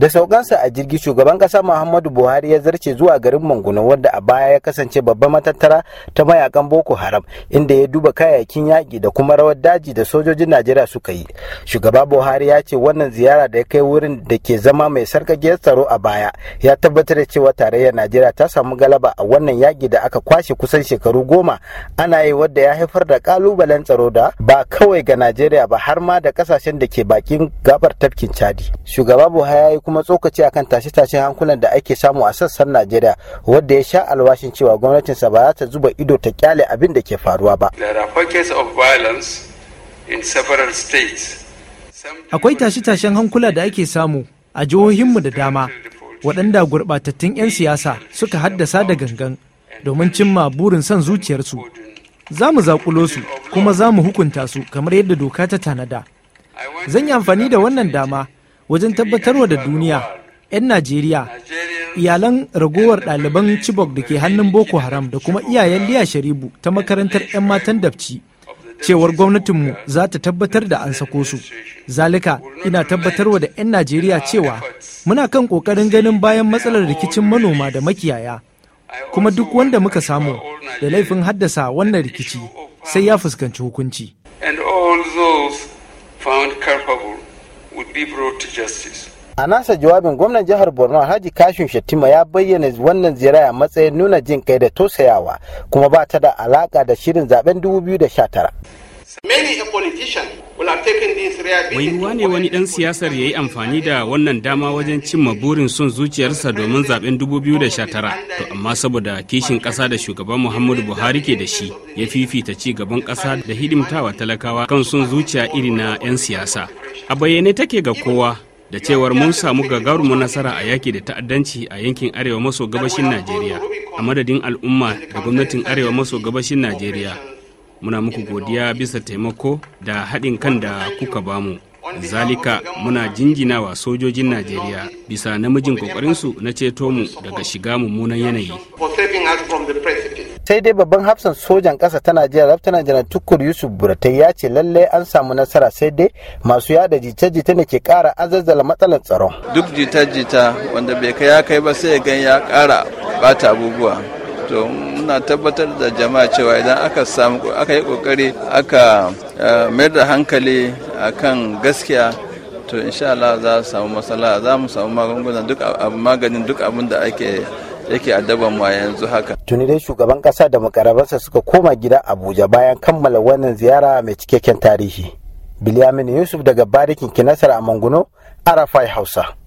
da saukansa a jirgi shugaban kasa muhammadu buhari ya zarce zuwa garin manguna wanda a baya ya kasance babban matattara ta mayakan boko haram inda ya duba kayayyakin yaƙi da kuma rawar daji da sojojin najeriya suka yi shugaba buhari ya ce wannan ziyara da ya kai wurin da ke zama mai sarkakiyar tsaro a baya ya tabbatar da cewa tarayyar najeriya ta samu galaba a wannan yaƙi da aka kwashe kusan shekaru goma ana yi wadda ya haifar da kalubalen tsaro da ba kawai ga najeriya ba har ma da kasashen da ke bakin gabar tafkin chadi shugaba buhari ya yi kuma tsokaci akan tashe-tashen hankulan da ake samu a sassan Najeriya wanda ya sha alwashin cewa gwamnatinsa ba za ta zuba ido ta kyale abin da ke faruwa ba. Akwai tashe-tashen hankula da ake samu a jihohinmu da dama waɗanda gurɓatattun 'yan siyasa suka haddasa da gangan domin cimma burin son zuciyarsu. Za mu zaƙulo su kuma za mu hukunta su kamar yadda doka ta tanada. Zan yi amfani da wannan dama wajen tabbatarwa da duniya 'yan najeriya iyalan ragowar ɗaliban chibok da ke hannun boko haram da kuma iyayen liya sharibu ta makarantar 'yan matan dabci cewar gwamnatinmu za ta tabbatar da an sako su zalika ina tabbatarwa da 'yan najeriya cewa muna kan ƙoƙarin ganin bayan matsalar rikicin manoma da makiyaya kuma duk wanda muka samu da laifin haddasa wannan rikici sai ya fuskanci hukunci. would be to justice. A nasa jawabin gwamnan jihar Borno Alhaji Kashin Shattima ya bayyana wannan ziyara a matsayin nuna jin kai da tosayawa kuma ba ta da alaka da shirin zaben 2019. mai ne wani ɗan siyasar ya yi amfani da wannan dama wajen cimma burin son zuciyarsa domin zaben 2019, to amma saboda kishin ƙasa da shugaban Muhammadu Buhari ke da shi ya fifita ci gaban ƙasa da hidimtawa talakawa kan son zuciya iri na 'yan siyasa. A bayyane take ga kowa da cewar mun samu gagarumin nasara a yaki da ta'addanci a yankin arewa maso gabashin Najeriya a madadin al'umma da gwamnatin arewa maso gabashin Najeriya. muna muku godiya bisa taimako da haɗin kan da kuka bamu zalika muna jinginawa sojojin najeriya bisa namijin kokarinsu na ceto mu daga shiga mummunan yanayi sai dai babban hafsan sojan ƙasa ta najeriya raftanar janar tukur yusuf buratai ya ce lallai an samu nasara sai dai masu yada jita-jita ne ke ƙara azazzala matsalar tsaro. duk jita-jita wanda bai kai ya kai ba sai ya gan ya ƙara bata abubuwa to muna tabbatar da jama'a cewa idan aka samu aka yi kokari aka eh, mayar da hankali akan gaskiya to insha Allah za su samu matsala za mu samu magunguna duk maganin duk abin da ake yake addaban mu a yanzu haka. Tuni dai shugaban kasa da mukarabansa suka koma gida Abuja bayan kammala wannan ziyara mai cikakken tarihi. Bilyamin Yusuf daga Barikin Kinasar a Manguno, Arafai Hausa.